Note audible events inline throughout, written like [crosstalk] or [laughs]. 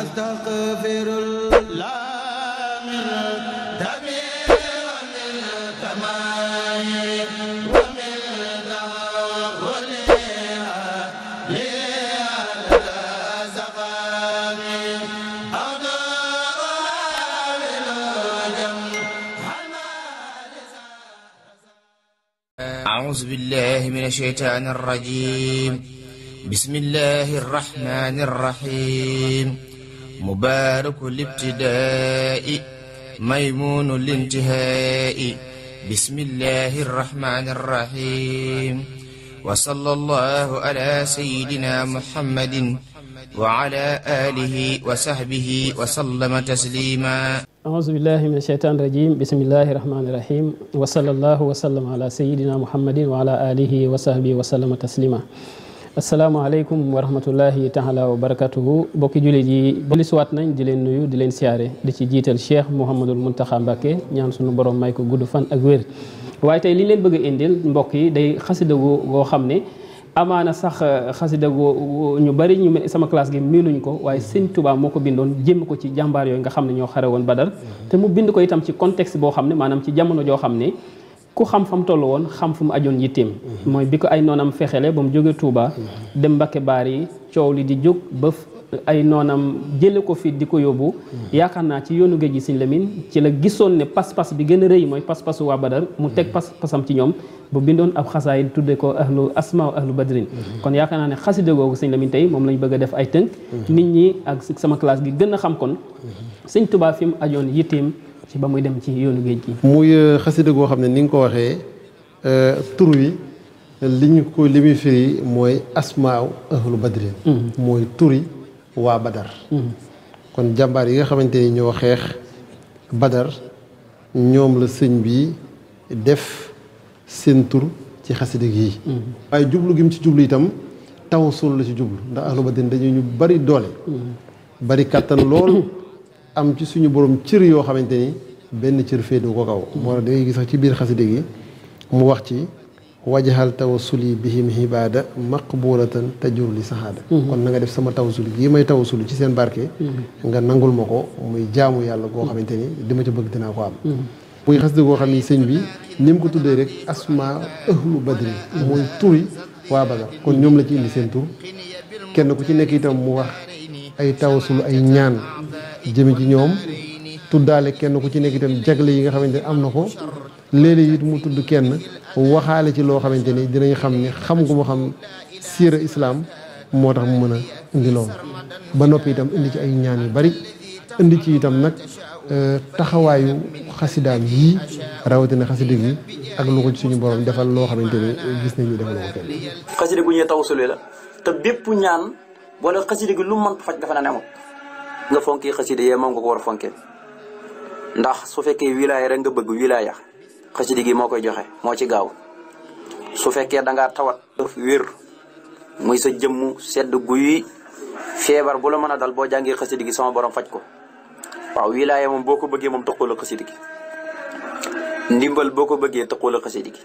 أستغفر الله من الدم ومن التمايم ومن تغول أعوذ بالله من الشيطان الرجيم بسم الله الرحمن الرحيم مبارك الابتداء ميمون الانتهاء بسم الله الرحمن الرحيم وصلى الله على سيدنا محمد وعلى آله وصحبه وسلم تسليما أعوذ بالله من الشيطان الرجيم بسم الله الرحمن الرحيم وصلى الله وسلم على سيدنا محمد وعلى آله وصحبه وسلم تسليما asalaamaaleykum wa rahmatullahi taala wa barakatuhu bokki jullit yi lisuwaat nañ di leen nuyu di leen siyaare di ci jiital cheikh mouhamadul muntaxa mbàkke ñaan sunu borom may ko gudd fan ak wér waaye tey li leen bëgg a indil mbokk yi day xasida goo xam ne amaana sax euh, xasida goo ñu bari ñu sama classe gi miinuñ ko waaye seen Tuubaa moo ko bindoon jéem ko ci jàmbaar yooyu nga xam ne ñoo xare woon badar mm-hmm. te mu bind ko itam ci contexte boo xam ne maanaam ci jamono joo xam ne ku xam fa mu toll woon xam fu ajoon yitteem mhm. mooy bi ko ay noonam fexele ba mu jóge Touba mhm. dem Mbacké Baar yi coow li di jóg ba ay noonam jële ko fii di ko yóbbu mhm. yaakaar naa ci yoonu géej gi Sëñ Lamin ci la gisoon ne pas-pas bi gën a rëy mooy pas-pasu waa Badar mu teg pas-pasam ci ñoom bu bindoon ab xasaay tudde ko ahlu asma ahlu badrin kon yaakaar naa ne xasida googu Sëñ Lamin tey moom lañ bëgg a def ay tënk nit ñi ak sama classe gi gën a xam kon ci ba muy dem ci yoonu géej gi. muy euh, goo xam ne ni nga ko waxee euh, tur wi li ñu ko li mooy asmaaw ahlu badrin mm-hmm. mooy turi waa badar mm-hmm. kon jàmbaar yi nga xamante ni ñoo xeex badar ñoom la sëñ bi def seen tur ci xasida yi mm-hmm. waaye jublu gi mu ci jublu itam taw sol la ci jublu ndax ahlu badrin dañu ñu bari doole bari kàttan lool [coughs] am ci suñu borom cër yoo xamante ni benn cër féetoo ko kaw moo tax dangay gis sax ci biir xasida gi mu wax ci wajahal tawassuli bihim hibaada te tajur yi sahaada mhm. kon na nga def sama tawasul gii may tawasul ci seen barke mhm. nga nangul ma ko muy jaamu yàlla goo xamante ni dama ci bëgg dinaa ko am mhm. muy xasida goo xam ni sëñ bi ni mu ko tuddee rek asma ahlu badri mooy turi waa Badar kon ñoom la ci indi seen tur kenn ku ci nekk itam mu wax ay tawasul ay ñaan jëme ci ñoom tuddaale kenn ku ci nekk itam jagle yi nga xamante ne am na ko léeg-léeg it mu tudd kenn waxaale ci loo xamante ni dinañ xam ni xam gu ma xam siira islaam moo tax mu mën a indi ba noppi itam indi ci ay ñaan yu bari indi ci itam nag euh, taxawaayu xasidaam yii rawatina xasida gi ak lu ko suñu borom defal loo xamante ni gis nañu defal ko kenn. xasida gu ñuy taw sule la te bépp ñaan wala xasida gi lu mën faj dafa na ne amul nga fonki xasida ye ya mom ko war a fonke ndax su fekkee wilaya rek nga bëgg wilaya xasida gi moo koy joxe ci gaaw su fekkee da nga tawat wër muy sa jëm sedd guuy feebar bu la mëna dal bo jàngee xasida gi sama borom fajj ko wa wilaya mom boko ko mom moom tëqoo la gi ndimbal boko ko bëggee la gi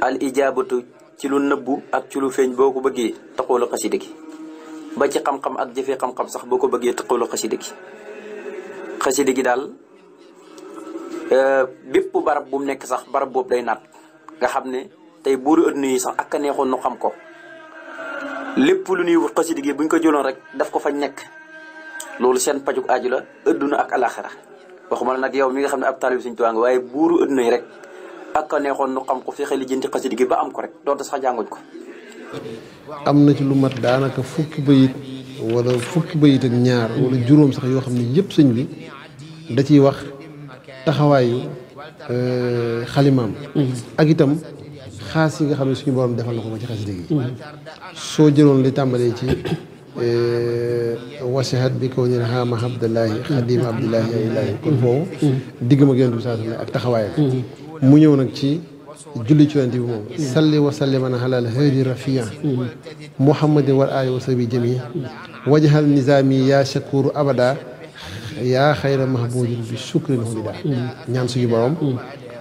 al ijabatu ci lu nëbbu ak ci lu feñ boko ko bëggee la gi ba ci xam-xam ak jëfee xam-xam sax boo ko bëggee tëqaloo xasida gi xasida gi daal euh, bépp barab bu mu nekk sax barab boobu day naat nga xam ne tey buuru adduna yi sax ak a neexoon nu xam ko lépp lu ñuy wut xasida gi buñ ko jëloon rek daf ko fañ nekk loolu seen pajuk aaju la adduna ak alaxira waxuma la nag yow mi nga xam ne ab taalib Sëriñ Tuubaa nga waaye buuru adduna yi rek ak a neexoon nu xam ko fexe lijjanti xasida gi ba am ko rek doonte sax jànguñ ko am na ci lu mat daanaka fukki bayit wala fukki bayit ak ñaar wala juróom sax yoo xam ne yëpp sëñ bi da ciy wax taxawaayu euh, xalimaam mm-hmm. ak itam xaas yi nga xam ne suñu borom defal na ko ci xasida gi soo jëloon li tàmbalee ci euh, wasihat bi ko ñu ne xaama abdullahi xadima ak yonent bi mm-hmm. mu ñëw nag ci جلّي شواندي موم سلّي وسلّم على هلال هذي رفيع محمد والآية وسبي جميع وجه النظامي يا شكور أبدا يا خير محبوب بشكر هنيدا نعم سجى برام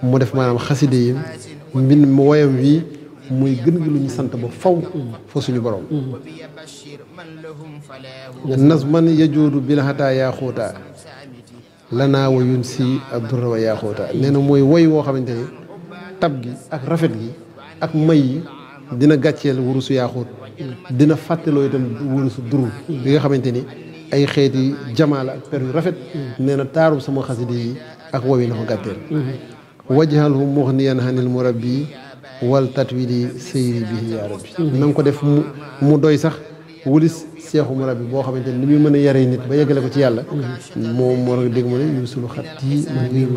مدف ما نام خسدي من مويم في موي گن گلو ني سانت با فاو فو سوني بروم الناس من يجود بلا حتا يا خوتا لنا وينسي عبد الرو يا خوتا نينا موي وي وو خامتاني tab gi ak rafet gi ak may yi dina gàcceel wurusu yaaxóot dina fàttaloo itam wurusu duru bi nga xamante ni ay xeeti jamaala ak per yi rafet nee na taarub sama xasida yi ak wow wowi na ko gàtteel wajhalhu muxniyan hanil murabbi wal tatwili seyri bihi yaa rabbi na nga ko def mu doy sax wulis seexu murab bi boo xamante ni muy mën a yaree nit ba yeggale ko ci yàlla moom moo la dégg mu ne yu sulu xat yi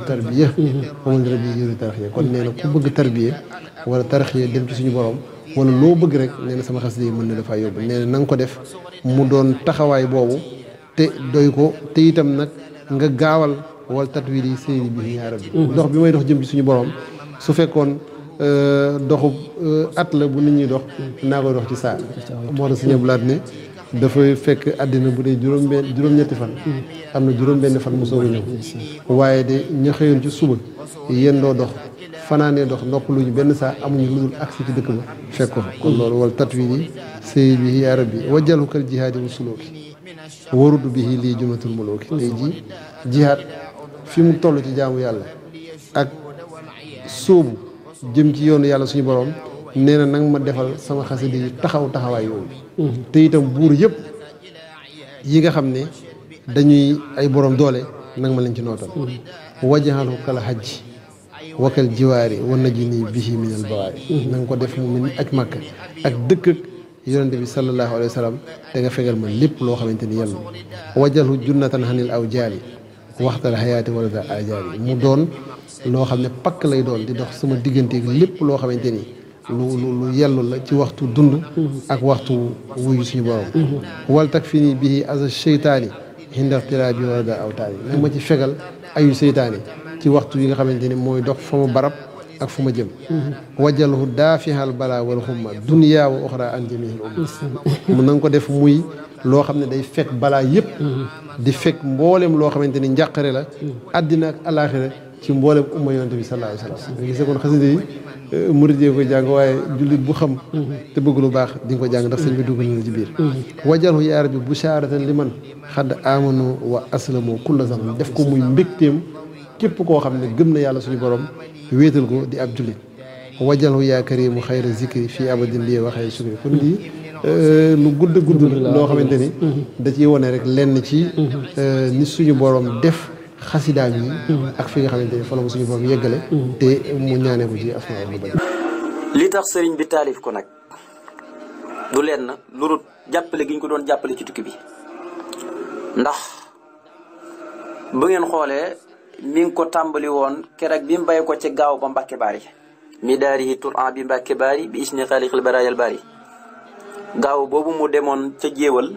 bëgg tarbiya wala tarxiya dem ci suñu borom wala loo bëgg rek nee sama xasida yi mën na dafaa yóbbu nee na na nga ko mu doon taxawaay boobu te doy ko te itam nag nga gaawal wala tatwi yi séeri bi ñaara bi dox bi may dox jëm suñu borom su fekkoon euh, doxu euh, at la bu nit ñuy dox naa koy dox ci saa moo tax si ñëpp laat ne dafay fekk àddina bu dee juróom benn juróom-ñetti fan am na juróom-benn fan mu soog a ñëw waaye de ñu xëyoon ci suba yéen doo dox fanaanee dox noppaluñu benn saa amuñu lu dul agsi ci dëkk ba fekkoon ko kon loolu wala tatwin yi sëy bi yaa rabbi wajjalu kal jihaadi wa sulooki warudu bi lii jumatul mulooki tey jii jihaad fi mu toll ci jaamu yàlla ak sóobu jëm ci yoonu yàlla suñu borom nee na nag ma defal sama xasida taxaw taxawaay yooyu te itam buur yëpp yi nga xam ne dañuy ay borom doole nag ma leen ci nootal wajaxalu kala hajj wakal jiwaari war na ji nii bihi min al ko def mu mel aj màkk ak dëkk ak bi sallallahu alayhi wa sallam te nga fegal ma lépp loo xamante ni yàlla wajalu junnatan xanil aw jaali waxtal xayaati wala da ajaali mu doon loo xam ne pakk lay doon di dox sama digganteeg lépp loo xamante ni lu lu lu la ci waxtu dund ak waxtu wuyu suñu borom wal tak fi nii bii asa seytaani hindaxtilaa bi wada awtaani nag ma ci fegal ayu seytaani ci waxtu yi nga xamante ni mooy dox fa ma barab ak fu ma jëm wajal daafihal bala wal xumma dunya wa oxra an jamihil umma ko def muy loo xam ne day fekk balaa yëpp di fekk mboolem loo xamante ni njàqare la àddina ak alaaxira ci mboolem umma yonante bi sallallahu alayhi wa sallam nga gis kon xasida yi murid yi ko jàng waaye jullit bu xam te bëgg lu baax di ko jàng ndax sëñ bi dugg na ci biir wajalhu yaara bi bu busharatan li man xadd amanu wa aslamu kulla zaman def ko muy mbégteem képp koo xam ne gëm na yàlla suñu borom wéetal ko di ab jullit wajalhu yaa karimu xayra zikri fii abadin lii waxee suñu kon lii euh, lu gudd gudd loo xamante ni wone rek lenn ci euh, ni suñu borom def xasidaam yi ak fi nga xamante ne fa la ko suñu borom yëggale te mu ñaanee ko ci asmaa bu bëri li tax sëriñ bi taalif ko nag du leen lu rut jàppale gi ñu ko doon jàppale ci tukki bi ndax bu ngeen xoolee mi ngi ko tàmbali woon keroog bi mu bay ko ci gaaw ba Mbàkke Baari mi daari yi turan bi mbakke Baari bi isni xaalixil baraayal baari gaaw boobu mu demoon ca jéewal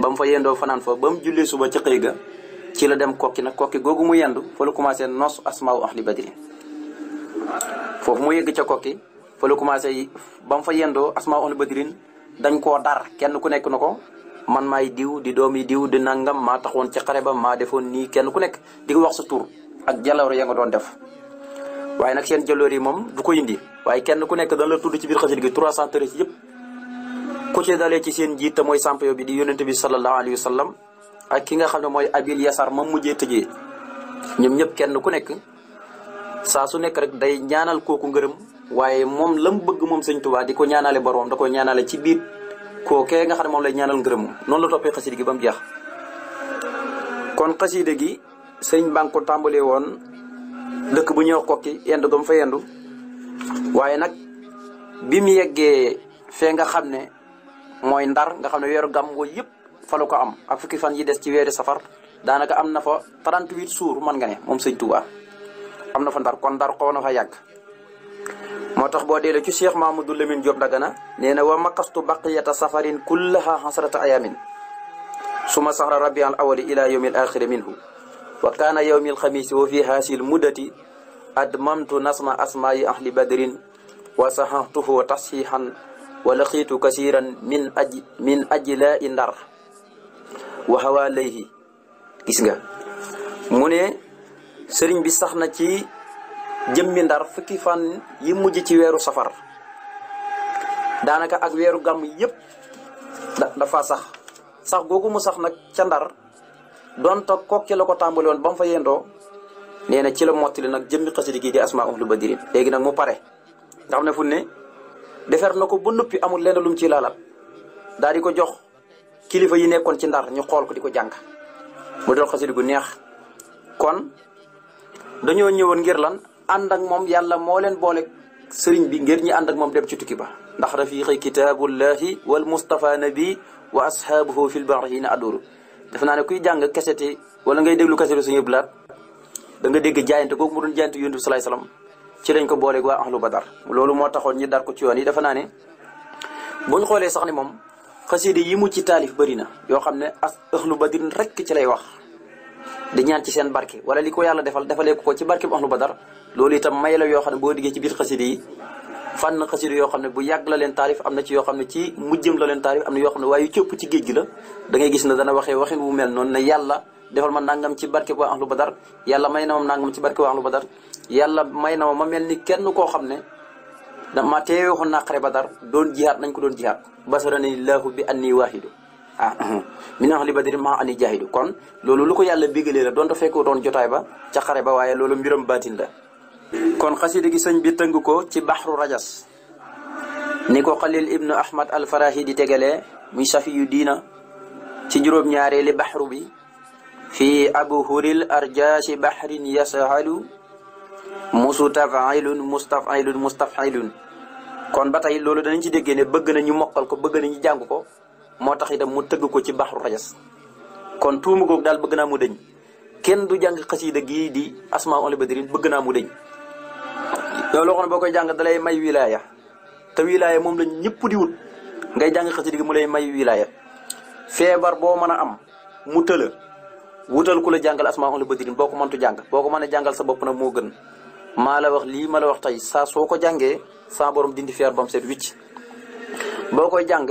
ba mu fa yendoo fanaan fa ba mu jullee suba ca xëy ga ci la dem kokki nak kokki gogu mu yandu fa la commencé nos asma'u ahli badirin. foofu mu yegg ci kokki fa la commencé bam fa yendo asma'u ahli badirin. dañ ko dar kenn ku nek nako man may diw di domi diw di nangam ma taxone ci xare ba maa defoon kenn ku nek di wax sa tur ak jaloore ya nga don def waye nak seen jaloor yi mom du ko indi waye kenn ku nek dañ la tuddu ci bir xasit gi 313 yep ku ci dalé ci seen jitt moy sampayo bi di bi sallallahu alayhi wasallam ak ki nga xam ne mooy abil yasar moom mujjee tëjee ñoom ñëpp kenn ku nekk saa su nekk rek day ñaanal kooku ngërëm waaye moom lam bëgg moom sëñ Tuubaa di ko ñaanale boroom da ko ñaanale ci biir kookee nga xam ne moom lay ñaanal ngërëm noonu la toppee xasida gi ba mu jeex kon xasida gi sëñ baa ngi tàmbalee woon dëkk bu ñëw wax kokki yendu gam fa yendu waaye nag bi mu yeggee fee nga xam ne mooy ndar nga xam ne weeru gàmm wooyu yëpp falo ko am ak fukki fan yi dess ci weeri safar danaka amna fa 38 sour man nga ne mom seigne touba amna fa ndar kon ndar ko wona fa yag motax bo boo ci Cheikh Mamadou Lamine Diop Dagana nee wa maqastu baqiyata safarin kullaha hasrata ayamin suma sahra rabial awali ila yawmi al axiri minhu wa kana yawmi al xamisi wa fi hasil mudati admamtu nasma asma'i ahli badrin wa sahahtuhu tashihan ولقيت كثيرا من أجل من أجلاء النار wa hawalayhi gis nga mu ne sëriñ bi sax na ci jëmmi ndar fukki fan yi mujj ci weeru safar daanaka ak weeru gàmm yëpp dafa sax sax googu mu sax nag ca ndar donte kokki la ko tàmbali bam fa yendoo nee ci la mottali nag jëm jëmmi xasida gi di asmaa ahlu badrin léegi nag mu pare nga xam ne fu ne defar na ko ba noppi amul lenn lu mu ciy daal di ko jox kilifa yi nekkoon ci ndar ñu xool ko di ko jàng mu dal xasid gu neex kon dañoo ñëwoon ngir lan ànd ak moom yàlla moo leen boole sëriñ bi ngir ñi ànd ak moom dem ci tukki ndax rafiqi wal mustafa nabi wa ashabuhu fil barhina aduru def naa ne kuy jàng kaseti wala ngay déglu kaseti suñu blaat da nga dégg jaayante googu mu doon jaayante yunus sallallahu alayhi wasallam ci lañ ko ak waa ahlu badar loolu moo taxoon ñi dar ko ci yoon yi dafa ne buñ xoolee sax ni moom xasida yi mu ci taalif bëri na yoo xam ne as ahlu badrin rekk ci lay wax di ñaan ci seen barke wala li ko yàlla defal defalee ko ci barke bu ahlu badar loolu itam may la yoo xam ne boo diggee ci biir xasida yi fànn xasida yoo xam ne bu yàgg la leen taalif am na ci yoo xam ne ci mujjëm la leen taalif am na yoo xam ne waaye cëpp ci géej gi la da gis ne dana waxee waxin wu mel noonu ne yàlla defal ma nangam ci barke bu ahlu badar yàlla may na ma nangam ci barke bu ahlu badar yàlla may na ma ma mel ni kenn koo xam ne dama teewe waxoon naa xare dar doon jihaat nañ ko doon jihaat basarani laahu bi anni waahidu ah, ah, ah. li ba badri ma ani jaahidu kon loolu lu ko yàlla bégalee la doonte fekk doon jotaay ba ca xare ba waaye loolu mbiram baatin la kon xasida gi sëñ bi tëng ko ci baxru rajas ni ko xalil ibnu ahmad alfarahi di tegalee muy safiyu diina ci juróom-ñaareeli baxru bi fii abu huril arjaasi baxrin yasahalu musutafailun mustafailun mustafilun kon ba tey loolu danañ ci déggee ne bëgg na ñu mokkal ko bëgg na ñu jàng ko moo tax itam mu tëgg ko ci baxru rajas kon tuuma googu daal bëgg naa mu dëñ kenn du jàng xasiida gii di asmaul badrin bëgg naa mu dëñ loolu waxoon boo koy jàng dalay may wilaaya te wilaaya moom la ñëpp di wut ngay jàng xasiida gi mu lay may wilaaya feebar boo mën a am mu tëla wutal ku la jàngal asmaul badrin boo ko mëntu jàng boo ko mën a jàngal sa bopp nag moo gën maa la wax lii ma la wax tey saa soo ko jàngee saaborom borom dindi feer ba mu boo koy jàng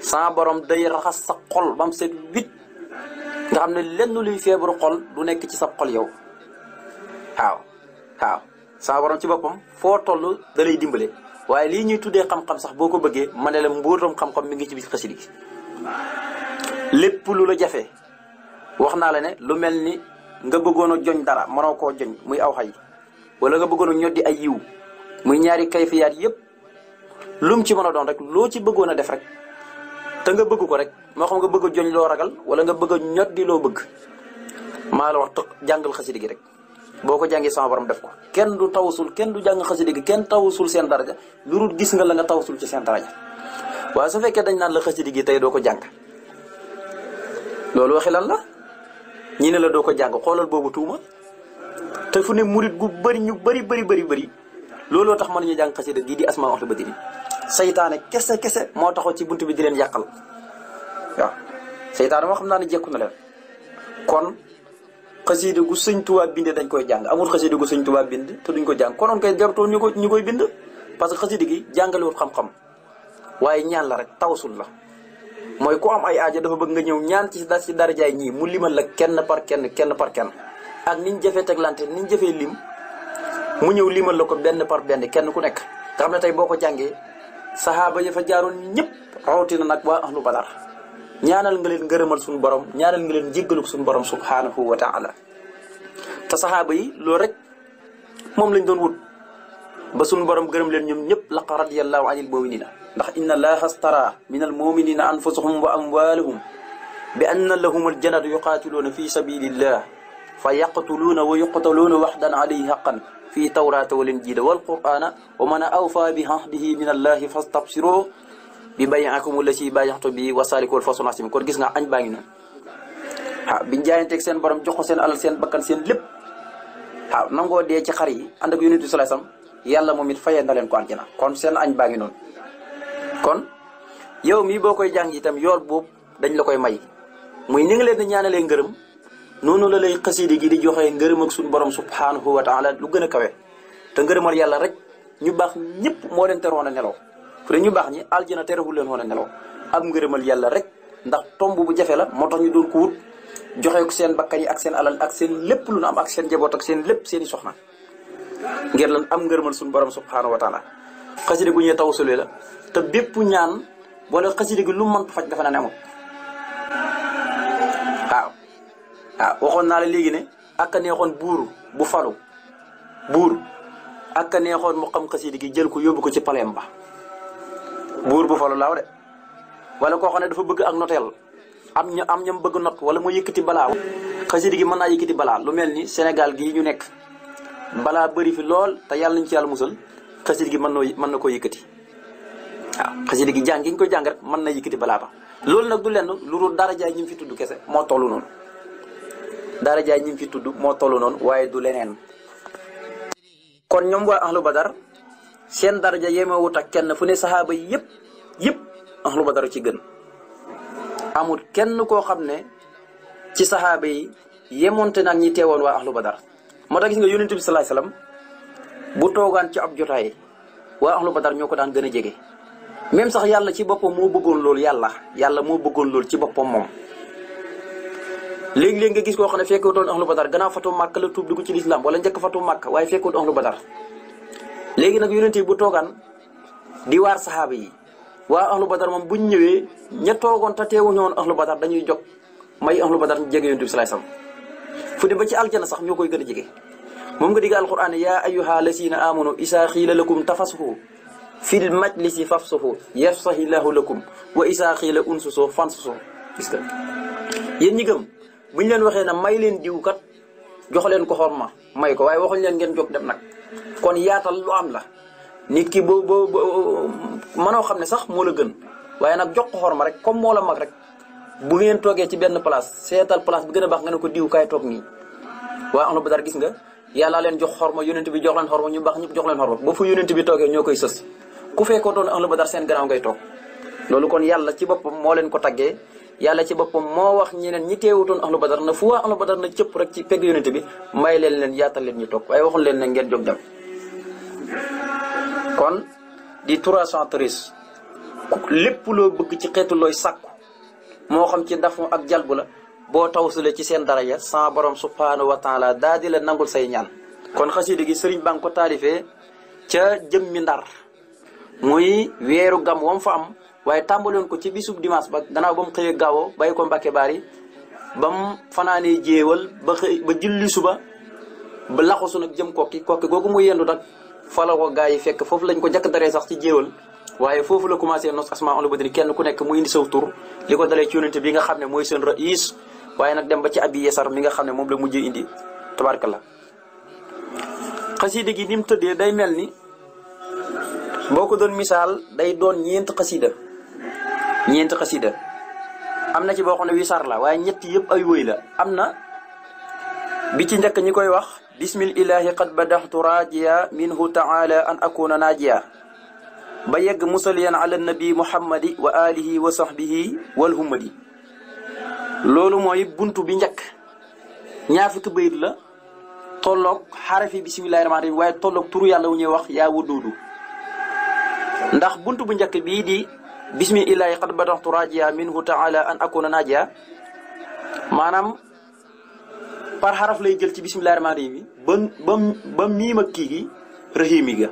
saa borom day raxas sa xol bam set wicc nga xam ne lenn luy feebaru xol du nekk ci sa xol yow waaw waaw saa ci boppam foo toll da lay dimbale waaye lii ñuy tuddee xam-xam sax boo ko bëggee ma ne la mbóotam xam-xam mi ngi ci biir xasida gi lépp lu la jafe wax naa la ne lu mel ni nga bëggoon a joñ dara mënoo koo joñ muy aw xay wala nga bëggoon ñoddi ay yiw muy ñaari kayfiyaat yépp lum ci mëna doon rek loo ci bëggoon a def rek te nga bëgg ko rek moo xam nga bëgg a joñ loo ragal wala nga bëgg ñoddi loo bëgg maa la wax jàngal rek boo ko sama borom def ko kenn du tawasul kenn du jàng xasida gi kenn tawasul seen daraja lu dul gis nga la nga tawasul ci seen daraja waaye su fekkee dañ naan la xasida gi tey doo ko jàng loolu waxi lan la ñi ne la doo ko jàng xoolal boobu tuuma te fu ne murid gu bari ñu bari bari bari bari lolo tax mënuñu jàng xasida gi di asma wax la ba diri kese kese moo ci buntu bi di len yakal wa saytaane mo xamna ni jekku na len kon xasida gu seigne touba bind dañ koy jang amul xasida gu seigne touba bind te duñ ko kon konoon kay jarutoon ñu ko ñu koy bind parce que xasida gi jàngalewul xam-xam waye ñaan la rek tawsul la moy ko am ay aaje dafa bëgg nga ñew ñaan ci ci dara jaay ñi mu limal la kenn par kenn kenn par kenn ak ni ñu jëfee teglante ni ñu lim mu ñëw limal la ko benn par benn kenn ku nekk nga xam ne tey boo ko jàngee saxaaba ya fa jaaroon ñëpp rawatina nag waa ahlu badar ñaanal nga leen ngërëmal suñu borom ñaanal nga leen jéggaluk suñu borom subhaanahu wa taala te saxaaba yi loolu rek moom lañ doon wut ba sun borom gërëm leen ñoom ñëpp laqa radiyallahu anil muminina ndax inna allaha stara min al muminina anfusahum wa amwalahum bi anna lahum al jannatu yuqaatiluuna fi sabilillah fayaqtuluna wa yuqtaluna wahdan alayhi haqqan fi tawrat wal injil wal qur'ana wa man awfa biha bihi min allahi fastabshiru bi bay'akum allati bay'tu bi wa saliku al ha biñ jaante ak sen borom joxo lip. ha nango de ci Anda and ak yunus sallallahu yalla momit fayé dalen ko kon Yau agn bangi non kon yow mi bokoy jang itam may muy ni nga noonu la lay xasida gi di joxe ngërëm ak suñu borom subhaanahu wa taala lu gën a kawe te ngërëmal yàlla rek ñu baax ñëpp moo leen teroon a nelaw fu ñu baax ñi aljana terewul leen woon a nelaw am ngërëmal yàlla rek ndax tomb bu jafe la moo tax ñu doon joxe ko seen bakkan yi ak seen alal ak seen lépp lu nu am ak seen njaboot ak seen lépp seen soxna ngir lan am ngërëmal suñu borom subhaanahu wa taala xasida gu ñuy taw sole la te bépp ñaan wala xasida gi lu mën faj dafa na ne amul Ah, waxoon naa la léegi ne ak neexoon buur bu falu buur ak a neexoon mu xam xasida gi jël ko yóbbu ko ci paleem ba buur bu falu laaw de wala koo xam ne dafa bëgg ak noteel am ñu am ñam bëgg not wala mu yëkkati balaa xasida gi mën naa yëkkati balaa lu mel ni Sénégal gii ñu nekk balaa bëri fi lool te yàlla nañ ci yàlla musal xasida gi mën noo mën na koo yëkkati waaw ah, xasida gi jàng gi ñu ko jàng mën na yëkkati balaa ba loolu nag du lenn lu dul dara jaay ñi fi tudd kese moo tollu noonu daara jaay ñi ngi ci tudd moo toll noon waaye du leneen kon ñoom waa ahlu badar seen daraja yemewut ak kenn fu ne saxaaba yi yëpp yëpp ahlu badar ci gën amut kenn koo xam ne ci saxaaba yi yemonte nag ñi teewoon waa ahlu badar moo tax gis nga yonent bi salaay salaam bu toogaan ci ab jotaay waa ahlu badar ñoo ko daan gën a jege même sax yàlla ci boppam moo bëggoon loolu yàlla yàlla moo bëggoon loolu ci boppam moom léegi-léegi nga gis koo xam ne fekkutoon ahlu badar gannaaw fatu màkk la tuub dugg ci lislaam wala njëkk fatu màkk waaye fekkul ahlu badar léegi nag yonent yi bu toogaan di waar saxaaba yi waa ahlu badar moom buñ ñëwee ña toogoon te teewuñu woon ahlu badar dañuy jog may ahlu badar ñu jege yonent bi salaay sam fu dem ba ci aljana sax ñoo koy gën a jege moom nga digg alquran yaa ayyuha lasina amanu isaa xiila lakum tafasxu fil majlisi fafsuxu yafsaxillahu lakum wa isaa xiila unsuso fansuso gis nga yéen ñi gëm bu ñu leen waxee ne may leen diw kat jox leen ko ma may ko waaye waxuñ leen ngeen jóg dem nag kon yaatal lu am la nit bo boo boo mënoo xam ne sax moo la gën waaye nag jox ko ma rek comme moo la mag rek bu ngeen toogee ci benn place seetal place bu gën a baax nga ne ko diw kaay toog nii waaye na ba dara gis nga yàllaa leen jox xorma yonent bi jox leen xorma ñu baax ñëpp jox leen xorma ba fu yonent bi ñoo koy sës ku fekkoon doon ahlu badar seen gannaaw ngay toog loolu kon yàlla ci boppam moo leen ko taggee yalla ci bopam mo wax ñeneen ñi teewutun ahlu badar na fu waa ahlu badar na cipp rek ci pegg yonent bi may leen leen yaatal leen ñu tok ay waxul leen ngeen jog dem kon di trois lepp lo bëgg ci xéetu loy sakku mo xam ci dafu ak jalbu la boo tawsule ci seen ya sa borom subhanahu wa taala la nangul say ñaan kon xasida gi serigne baa ko talifé ca jëmmi ndar muy wéru gam wam fa am waye tàmbaloon ko ci bisub dimanche ba dana bam xeye gawo baye ko mbake bari ba fanane jewal ba ba julli suba ba laxasu nag jëm kokki ko gogu mu yendu nak fala ko gaay fekk fofu lañ ko jakk dare sax ci jewal waye fofu la commencé nos le bedri kenn ku nek mu indi saw tour liko dalé ci yonente bi nga xamné moy sen rais waye nak dem ba ci abi yesar mi nga xamné mom la mujjé indi tabarakallah qasida gi nim mu day melni ni don misal day don ñent qasida ñent xasida amna ci boo xam wi sar la waaye ñet yëpp ay woy la amna bi ci njëkk ñi koy wax bismil ilahi qad badahtu rajia minhu taala an akuna najia ba yegg musaliyan ala nabi Muhammad, wa alihi wa sahbihi wal humadi lolu moy buntu bi njëkk ñaar fukki bayit la tolok xarafi bismillahir rahmanir rahim waaye tolok turu yalla wu ñuy wax ya wududu ndax buntu bu njëkk bi di bismi illaahi qad badaxtu raajiya minhu taala an akuna naajiya maanaam par xaraf lay jël ci bismillahi rahmaan rahim bi ba ba kii gi rahimi ga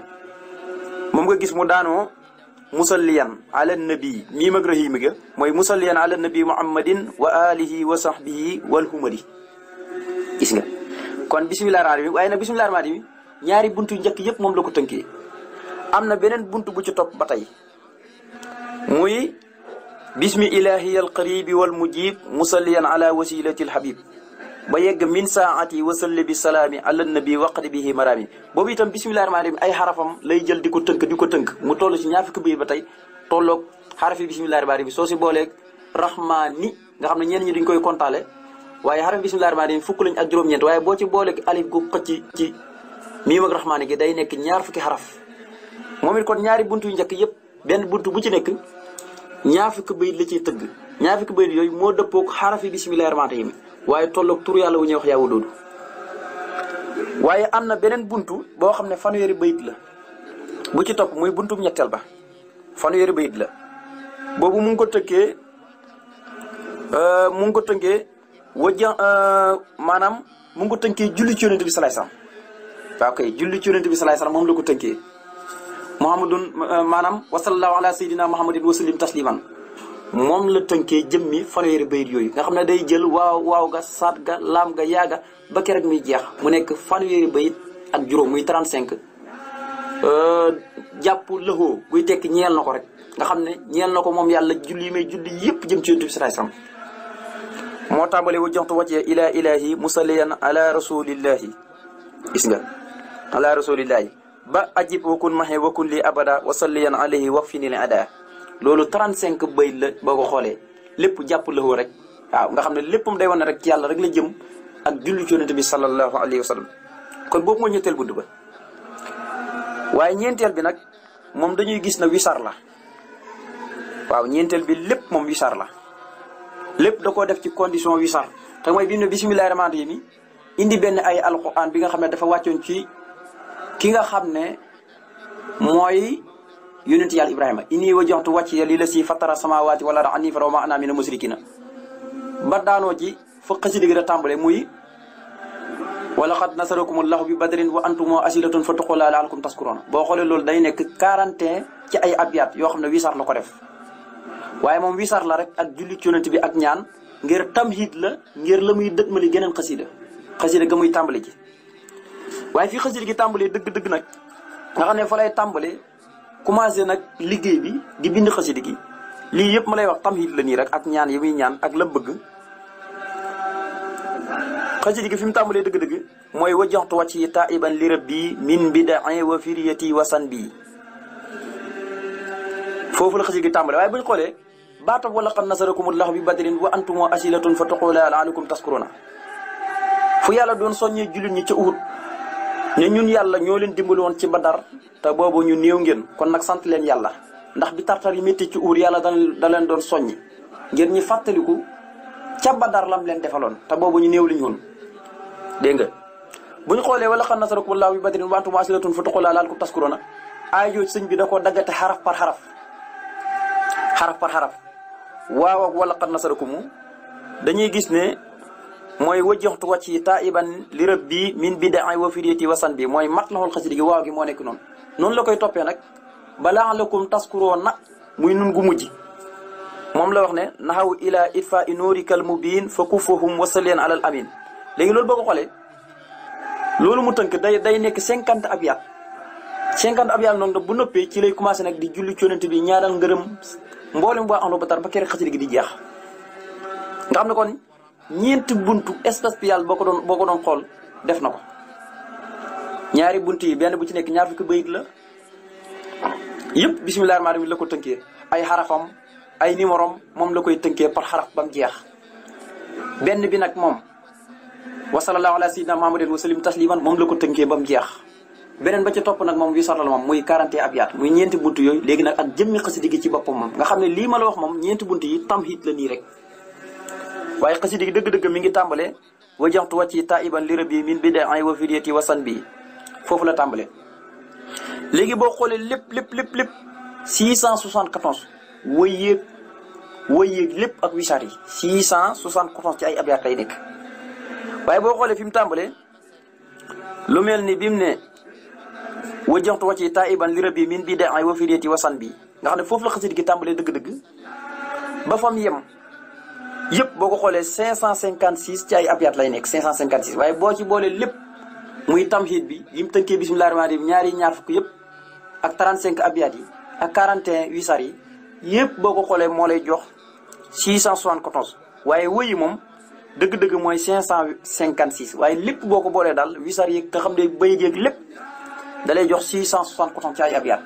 moom nga gis mu daanoo musalliyan ala nabi miim ak rahimi ga mooy musalliyan ala nabi muhammadin wa alihi wa sahbihi walhumadi gis nga kon bismillahi rahmaan bi waaye nag bismillahi rahmaan rahim ñaari buntu njëkk yëpp moom la ko tënkee am na beneen buntu bu ci topp ba tey muy bismi ilahi alqaribi walmujib musalliyan ala wasilati alhabib ba yegg min saati wasalli bi salaami ala nabi waqdi bihi marami boobu itam bismillahi rahmani ay xarafam lay jël di ko tënk di ko tënk mu toll si ñaar fukki biir ba tey tolloog xarafi bismillahi rahmani rahim soo si booleeg rahmaani nga xam ne ñenn ñi duñ koy kontaale waaye xarafi bismillahi rahmani fukk lañ ak juróom-ñeent waaye boo ci booleeg alif gu xëcc ci miim ak rahmaani gi day nekk ñaar fukki xaraf moom it kon ñaari buntu yu njëkk yëpp benn buntu bu ci nekk ñaar fukki bayit la ciy tëgg ñaar fukki bayit yooyu moo dëppook xarafi bismillahi rahmaani rahim waaye tolloog tur yàlla wu ñuy wax yaa wadoodu waaye am na beneen buntu boo xam ne fanweeri bayit la bu ci topp muy buntum ñetteel ba fanweeri bayit la boobu mu ngi ko tëkkee euh, mu ngi ko tënkee wajja euh, maanaam mun ko tënkee julli ci yonent bi salaay salaam waaw kay julli ci yonent bi salaay salaam moom la ko tënkee muhammadun maanaam wasalallaahu ala sayyidina muhammadin wasallim tasliman moom la tënkee jëmmi fanweeri bayit yooyu nga xam ne day jël waaw waaw ga saat ga laam ga yaaga ba keroog muy jeex mu nekk fanweeri bayit ak juróom muy 35 euh, jàpp lëxoo buy tekki ñeel na ko rek nga xam ne ñeel na ko moom yàlla julli yi may julli yëpp jëm ci yonent moo salaay salaam moo tàmbale wu joxtu wàccee ila ilahi musalliyan ala rasulillahi gis nga ala rasulillahi ba ajib wakun maxe wakun li abada wa salliyan alayhi wax fi ni leen ada loolu 35 bayt la boo ko xoolee lépp jàpp la rek waaw nga xam ne léppam day wane rek ci yàlla rek la jëm ak julli bi sallallahu alayhi wa sallam kon boobu mooy ñetteel bunt ba ñeenteel bi nag moom dañuy gis na wisar la waaw ñeenteel bi lépp moom wisar la lépp da koo def ci condition wisar te mooy bi mu ne bismillahi rahmaani rahim indi benn ay alquran bi nga xam ne dafa wàccoon ci ki nga xamne moy yunit yal Ibrahima inni wajhtu wajhiya li lasi fatara samawati wala ra anifa wa ana min musrikina ba daanoo ci fa xasida gi tàmbale moy wala qad nasarakum allah bi badrin wa antum asilatun fatqul tuqula la'allakum taskuruna boo xoolee loolu day nek quarante ci ay abiyat yo xamne 8 sar lako def waye mom 8 sar la rek ak julit yunit bi ak ñaan ngir tamhid la ngir lamuy muy dëgmali geneen qasida xasida ga tàmbali ci waaye fii xasida gi tàmbalee dëgg-dëgg nag nga xam ne fa lay tàmbalee commencé nag liggéey bi di bind xasida gi lii yëpp ma lay wax tamhid la nii rek ak ñaan yi muy ñaan ak la bëgg xasida gi fi mu tàmbalee dëgg-dëgg mooy wajjaxtu wàcc yi taiban li rabbi min bidain wa firiyati wa san bii foofu la xasida gi tàmbalee waaye buñ xoolee baatab wala xan nasarakumullahu bi badrin wa antum asilatun fa taqula laalakum taskuruna fu yàlla doon soññee jullit ñi ca ne ñun yàlla ñoo leen dimbali woon ci badar te boobu ñu néew ngeen kon nag sant leen yàlla ndax bi tartar yi métti ci uur yàlla da leen doon soññi ngir ñi fàttaliku ca badar lam leen defaloon te boobu ñu néew liñ woon dégg nga bu ñu xoolee wala xam nasarakumullahu bi badrin wa antum asilatun fa tuqulaa laal ko taskurona aay jooju sëñ bi da koo daggate xaraf par xaraf xaraf par xaraf waaw ak wala xam nasarakumu dañuy gis ne mooy wajjaxtu wàcc yi taa iban li rëb bii min bidaay wa firiyati wasan bi mooy mat laxul xasida gi waaw gi moo nekk noonu noonu la koy toppee nag balaa lakum taskuroo na muy nun gu mujj moom la wax ne naxaw ila itfa i noorikal mubiin fa kufahum wasaleen alal amin léegi loolu boo ko xoolee loolu mu tënk day day nekk cinquante abyaat cinquante abyaat noonu bu noppee ci lay commencé nag di julli yonent bi ñaanal ngërëm mboolem waa ahlu badar ba keroog xasida gi di jeex ñeenti bunt espace boo ko doon boo ko doon xool def na ko ñaari bunt yi benn bu ci nekk ñaar fukki bayit la yëpp bisimilah rahmaani la ko tënkee ay xarafam ay numérom moom la koy tënkee par xaraf ba mu jeex benn bi nag moom wa sallallahu ala sayyidina Muhammadin wa tasliman moom la ko tënkee ba mu jeex beneen ba ca topp nag moom wi solal moom muy 40 abyaat muy ñeenti bunt yooyu léegi nag ak jëmmi xasida gi ci boppam moom nga xam ne lii ma la wax moom ñeenti bunt yi tamhid la nii rek waaye xasida gi dëgg-dëgg mi ngi tàmbale wajaxtu wàcci taiban li rabbi min bidai wa fidyati wa san bi foofu la tàmbale léegi boo xoolee lépp lépp lépp lépp 674 way yéeg way yéeg lépp ak wisaar yi 674 ci ay abyaat lay nekk waaye boo xoolee fi mu tàmbale lu mel ni bi mu ne wajaxtu wàcci taiban li rabbi min bidai wa fidyati wa san bi nga xam ne foofu la xasida gi tàmbalee dëgg-dëgg ba fam yem yëpp boo ko xoolee 556 ci ay abyaat lay nekk 556 waaye boo ci boolee lépp muy tamhid bi yi mu tënkee bismillahi rahmaani rahim ñaari ñaar fukk yëpp ak 35 abyaat yi ak 41 wisar yi yëpp boo ko xoolee moo lay jox 674 waaye wëyi moom dëgg-dëgg mooy 556 waaye lépp boo ko boolee daal wisar yeeg nga xam ne bëy yeeg lépp da lay jox 674 ci ay abyaat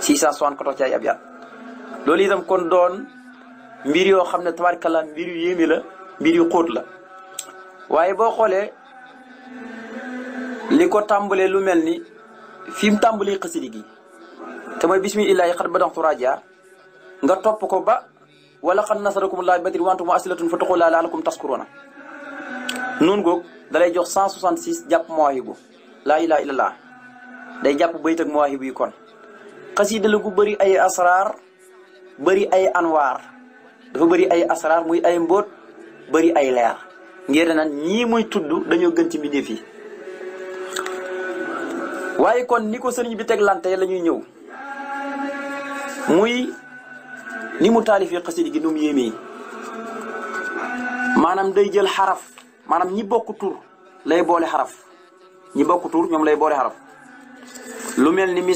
674 ci ay abyaat loolu itam kon doon. mbir yoo xam ne tabarkalla mbir yu yéeme la mbir yu xóot la waaye boo xoolee li ko tàmbalee lu mel ni fi mu tàmbalee xasidi gi te mooy bismillahi xat ba doxtu raja nga topp ko ba wala xan nasarakum laa batir wantu mu asilatun fa taxulaa laalakum taskurona nun goog dalay jox 166 jàpp mawaahibu laa ilaha illallah day jàpp bayt ak mawaahibu yi kon xasida la gu bëri ay asrar bëri ay anwaar dafa bari ay asrar muy ay mbot bari ay leer ngir nan ñi muy tuddu dañu gën ci mbindeef fi waye kon ni señ bi tek lanté lañuy ñew muy ni mu yi xasida gi nu yemi manam day jël haraf manam ñi bokku tur lay bolé haraf ñi bokku tur ñom lay bolé haraf lu melni ni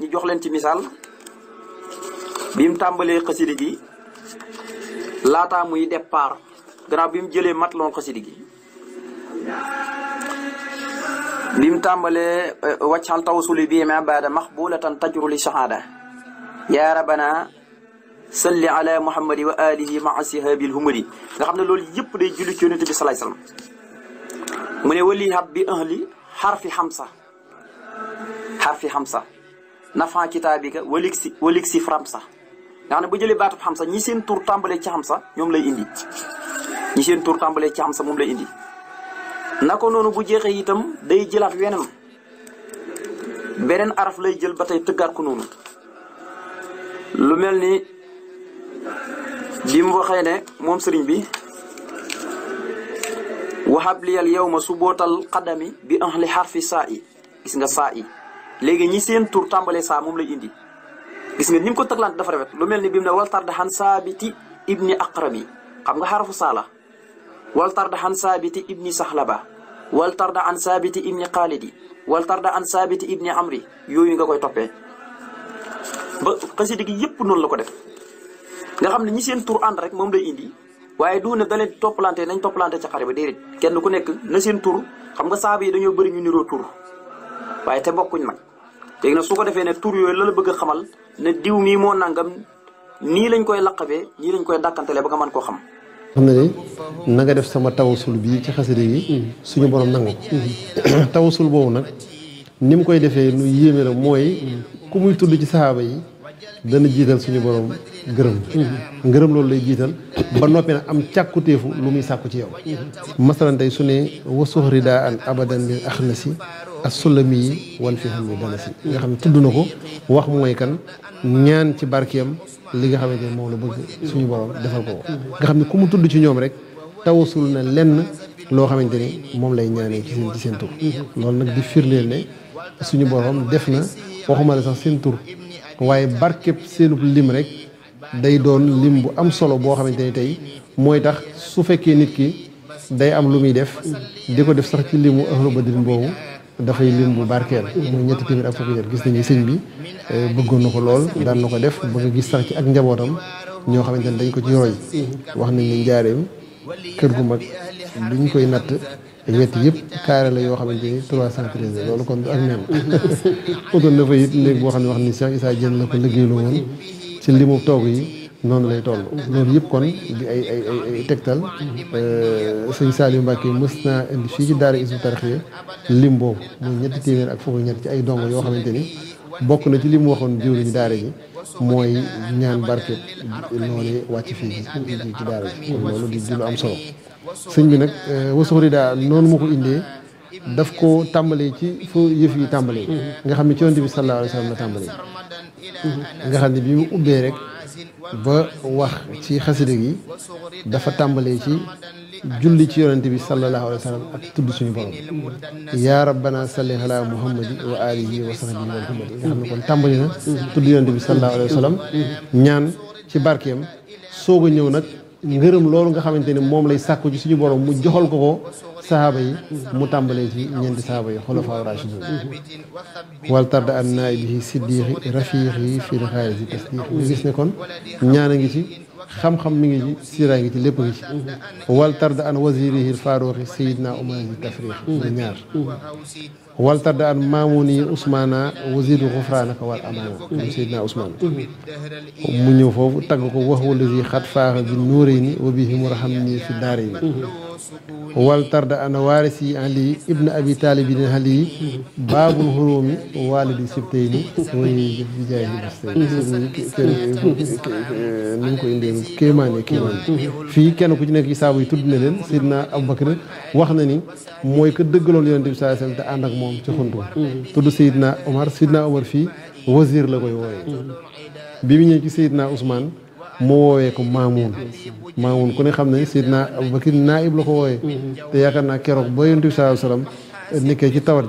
ñi jox leen ci misal bim tambalé gi lata muy départ gannaaw bi mu jëlee mat loon xasida gi bi mu tàmbalee waccal bi ma baada maqbulatan tajru li shahada ya rabana salli ala muhammad wa alihi maa sihabil humri nga xamne ne loolu yëpp day julli ci yonente bi sallallahu alayhi wasallam mune wali hab bi ahli xarfi xamsa xarfi xamsa نفع كتابك waliksi waliksi framsa nga xam ne bu jëlee baatub xamsa ñi seen tur tàmbalee ci xam xamsa ñoom lay indi ñi seen tur tàmbalee ci xamsa moom lay indi na noonu bu jeexee itam day jëlaat weneen beneen araf lay jël ba tey tëggaat ko noonu lu mel ni bi mu moom sëriñ bi wahab liyal yow ma su bootal xadami bi ahli xarfi saa yi gis nga saa yi léegi ñi seen tur tàmbalee saa moom lay indi gis nga ni mu ko tëglant dafa rafet lu mel ni bi mu ne waltarde xan saabiti ibni aqrabi xam nga xarafu saala waltarde xan saabiti ibni saxlaba waltarde an saabiti ibni xaalidi waltarde an saabiti ibni amri yooyu nga koy toppee ba xasida gi yëpp noonu la ko def nga xam ne ñi seen tur ànd rek moom lay indi waaye du ne da leen toppalante nañ toppalante ca xare ba déedéet kenn ku nekk na seen tuur xam nga saaba yi dañoo bari ñu niroo tur waaye te bokkuñ nag léegi nag su ko defee ne tur yooyu la la bëgg a xamal ne diw mii moo nangam nii lañ koy laqabee nii lañ koy dàkkantalee ba nga man koo xam. xam na ne na def sama tawasul bii ci xasida yi suñu borom nangu ko mm-hmm. tawasul boobu nag ni mu koy defee lu yéeme la mooy ku muy tudd ci saxaaba yi dana jiital suñu borom gërëm mm-hmm. gërëm loolu lay jiital ba noppee nag am càkkutéefu lu muy sàkku ci yow mm-hmm. masalan tey su ne wasuux ridaa an abadan bi ax na si ak solami yi wan fi xam ne dana si nga xam ne tudd na ko wax mooy kan ñaan ci barkeem li nga xamante ne moom la bëgg suñu borom defal ko nga xam ne ku mu tudd ci ñoom rek tawasul na lenn loo xamante ni moom lay ñaanee ci seen ci seen tur loolu nag di firndeel ne suñu borom def na waxuma la sax seen tur waaye barkeb seenub lim rek day doon lim bu am solo boo xamante ni tey mooy tax su fekkee nit ki day am lu muy def di ko def sax ci limu ahlu badrin boobu dafay lim bu barkeel muy ñetti téeméer ak fukki gis nañu sëñ bi euh, bëggoon na ko lool daan na ko def ba bëgg gis sax ci ak njabootam ñoo xamante ne dañ ko ci roy wax nañ ne njaareem kër gu mag ñu koy natt wet yëpp carré la yoo xamante ni trois cent treize loolu kon ak nen [laughs] utal na fa it néeg boo xam ne wax ni Cheikh saa Diène la ko liggéeyloo woon ci limu toog yi noonu lay toll loolu yëpp kon di ay ay ay tegtal euh, sëñ Saliou Mbacke mës naa indi fii ci daara Hizbut Tarqiyyah lim boobu muy ñetti téeméer ak fukk ñett ci ay dongo yoo xamante ni bokk na ci li mu waxoon jiw nañu daara ji mooy ñaan barke noonu wàcc fii ci daara ji loolu di lu am solo sëñ bi nag euh, wasuxuri daa noonu ma ko indee daf ko tàmbalee ci fu yëf yi tàmbalee nga xam ne ci yonent bi sallallahu alayhi wa la tàmbalee nga xam ne ba wax ci xasida gi dafa tàmbalee ci julli ci yonente bi sallallahu alayhi wa sallam ak tudd suñu borom yaa rabbana salli ala muhammadi wa alihi wa sahbihi wa nga xam ne kon tàmbali na tudd yonente bi sallallahu alayhi wa sallam ñaan ci barkeem soog a ñëw nag ngërëm loolu nga xamante ne moom lay sàkku ci suñu borom mu joxal ko ko saxaaba yi mu tàmbalee ci ñeenti saxaaba yi xulafaa rachidun wal tarda an naayi bi siddiixi rafiix yi fii la xaalis yi tasdiix ñu gis ne kon ñaan a ngi ci xam-xam mi ngi ci siira ngi ci lépp ngi ci wal an wasirihi faaruuxi sayidna umar yi tafriix ñu ñaar wal an maamuni usmaana wasiru xufraanaka wal amaana moom sayidna mu ñëw foofu tagg ko wax wala si bi nuurayni wa bihi mu fi daarayni wal tarda ana waarisi ali ibn abi taalibin ali baabul xuróomi waalidi sibtay ni mooy bijaay ni mu ko indee kéemaane kéemaane fii kenn ku ci nekk ci saabu yi tudd na leen sidna abubakar wax na ni mooy ko dëggalool yonent bi saa sallam te ànd ak moom ci xuntu tudd sidna omar sidna omar fii wazir la koy wooye bi mu ñëw ci sidna usmaan mu woowee ko Maamoun Maamoun ku ne xam ne Seydina Abubakar naayib la ko wooyee mhm. te yaakaar naa keroog ba yonent bi sallallahu alayhi wa sallam nekkee ci tawat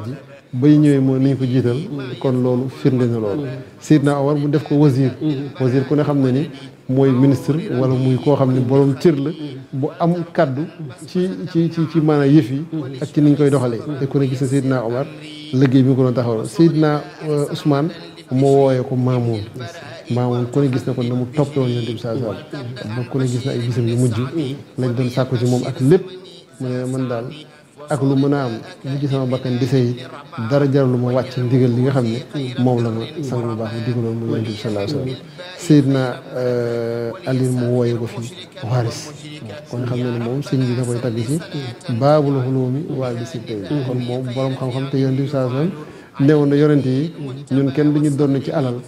bay ñëwee moo nañ ko jiital mhm. kon loolu firnde na loolu mhm. Seydina Omar mu def ko wazir wazir ku ne xam ne ni mooy ministre wala muy koo xam ne borom cër la bu am kaddu ci ci ci ci maanaam yëf yi ak ci niñ koy doxalee te ku ne gis na Seydina Omar liggéey bi ko doon taxawal Seydina euh, moo wooyee ko Maamoun maa woon ku ne gis na ko na mu toppee woon yonent saa saa ba ku ne gis na ay gisam lañ doon sàkku ci moom ak lépp mu ne man daal ak lu mën a am bu ci sama bakkan di say dara jaralu ma wàcc ndigal li nga xam ne moom la ma sang bu baax bi digaloon mu yonent bi sallallahu alayhi wasallam euh, mu wooye ko fi xam ne ne moom sëñ bi da koy tagg ci baabul xulóomi waaye bi si tey kon te yonent bi sallallahu alayhi na yonent yi ñun kenn duñu doon ci alal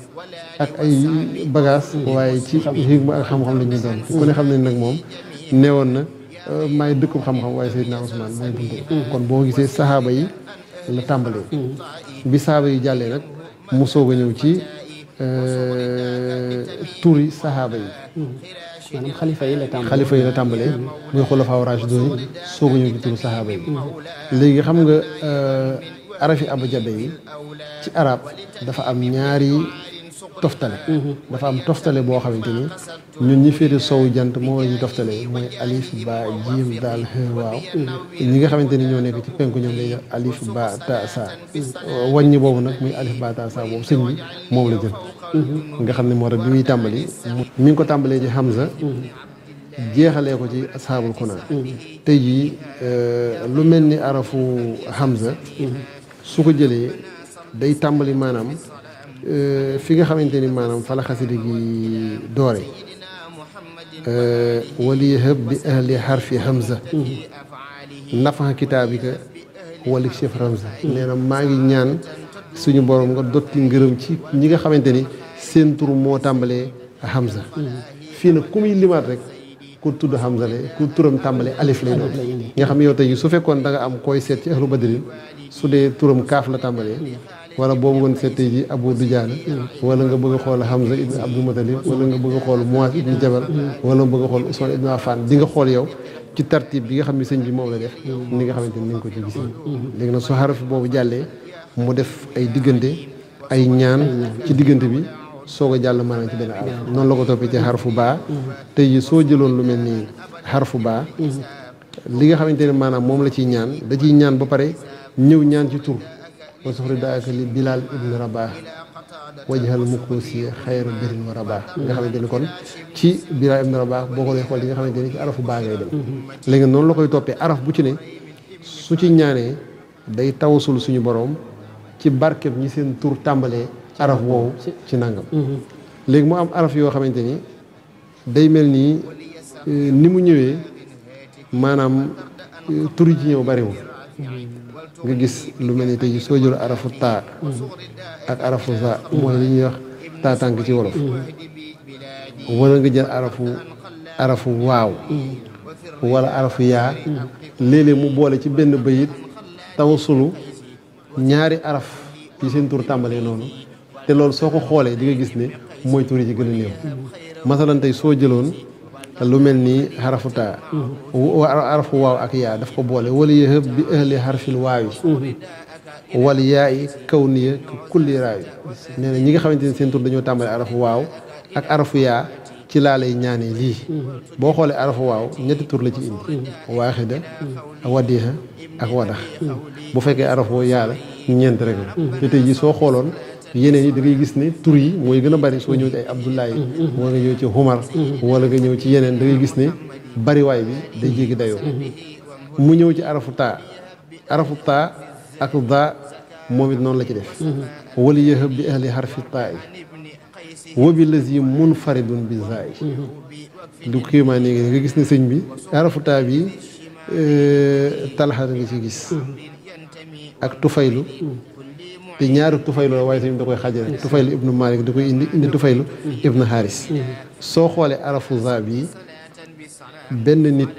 ak ay bagage waaye ci xigma ak xam-xam la ñu doon xam ne xam nañ nag moom neewoon na euh, maay dëkkub xam-xam waaye Seydina Ousmane mooy bunt kon boo gisee saxaaba yi la tàmbalee bi saxaaba yi jàllee nag mu soog a ñëw ci euh, turi saxaaba yi maanaam xalifa yi la tàmbalee xalifa yi la tàmbalee muy xulafaa raashidiin yi soog a ñëw ci turu saxaaba yi léegi xam nga euh, arafi abajada yi ci arab dafa am ñaari toftale dafa am toftale boo xamante ni ñun ñi féete sowu jant moo la ñuy toftale mooy alif ba jiim daal xëy waaw ñi nga xamante ni ñoo nekk ci penku ñoom dañuy alif ba ta sa boobu nag muy alif ba ta sa boobu sëñ bi moom la jël nga xam ne moo tax bi muy tàmbali mi ngi ko tàmbalee ci Hamza jeexale ko ci asxaabul kunaa tey jii euh, lu mel ni arafu Hamza su ko jëlee day tàmbali maanaam أه، في خامنتيني مانام فلا خاسيدي دوري أه، وليهب بأهل حرف حمزة نفع كتابك وليك شيف رمزة لأن ما يجنان سوني بورم قد دوت تنجرم شي نيغا خامنتيني سنتر موتامبلي حمزة فين كومي اللي مارك كتود حمزة لي كتورم تامبلي ألف لي نيغا خامي يوتا يوسف يكون داغا أم كوي سيتي أهلو بدري سودي تورم كاف لتامبلي wala boobu woon seet tey jii Abu Dujaana wala nga bëgg a xool Hamza ibn Abdul Muttalib wala nga bëgg a xool Muaz ibn Jabal wala nga bëgg xool Usman ibn Affan di nga xool yow ci tartib bi nga xam ne sëñ bi moom la def ni nga xamante ni nga ko ci gis léegi nag su xaraf boobu jàllee mu def ay diggante ay ñaan ci diggante bi soo ko jàll maanaam ci benn araf noonu la ko toppee ci xarafu baa tey jii soo jëloon lu mel nii xarfu baa li nga xamante ne maanaam moom la ciy ñaan da ciy ñaan ba pare ñëw ñaan ci tur wa suxri daaka li Bilal ibn Rabah wajhal mukuusi xayru birin wa rabaax nga xamante ni kon ci Bilal ibn Rabah boo ko dee xool yi nga xamante ni ci arafu baa ngay dem mhm. léegi noonu la koy toppee araf bu ci ne su ci ñaanee day tawasul suñu boroom ci barkeb ñi seen tur tàmbalee araf woowu ci nangam mhm. léegi mu am araf yoo xamante ni day mel nii euh, ni mu ñëwee maanaam euh, tur yi ci ñëw bariwul mhm. nga gis lu mel ni tey ji soo jël arafu taa ak arafu za mooy li ñuy wax taa tànk ci wolof wala nga jël arafu arafu waaw wala arafu yaa léeg mu boole ci benn bayit tawasulu ñaari araf yi seen tur tàmbalee noonu te loolu soo ko xoolee di nga gis ne mooy tur yi ci gën néew masalan tey soo jëloon te lu mel ni xarafu taa xarafu waaw ak yaa daf ko boole wala yëhëb bi ëhli xarfil waawi wal yaayi kaw niya kulli raawi nee na ñi nga xamante ne seen tur dañoo tàmbale arafu waaw ak arafu yaa ci laa lay ñaanee lii boo xoolee arafu waaw ñetti tur la ci indi waaxida ak wadiha ak wadax bu fekkee arafu yaa la ñeent rek la te tey ji soo xooloon yeneen yi da gis ne tur yi mooy gën a bari soo ñëw ci ay Abdoulaye wala nga ñëw ci Omar wala nga ñëw ci yeneen da gis ne bariwaay bi day jéggi dayoo mu ñëw ci arafu taa arafu taa ak daa moom noonu la ci def wala yëhëb bi ahli harfi taa yi wobi lës mun faridun bi zaay du kéemaa nii nga gis ne sëñ bi arafu taa bi eh, talxata nga ci gis ak tufaylu te ñaari tufaylu la waaye tamit da koy xaajale tufaylu ibnu malik da koy indi indi tufaylu ibnu haris soo xoolee arafu za bi benn nit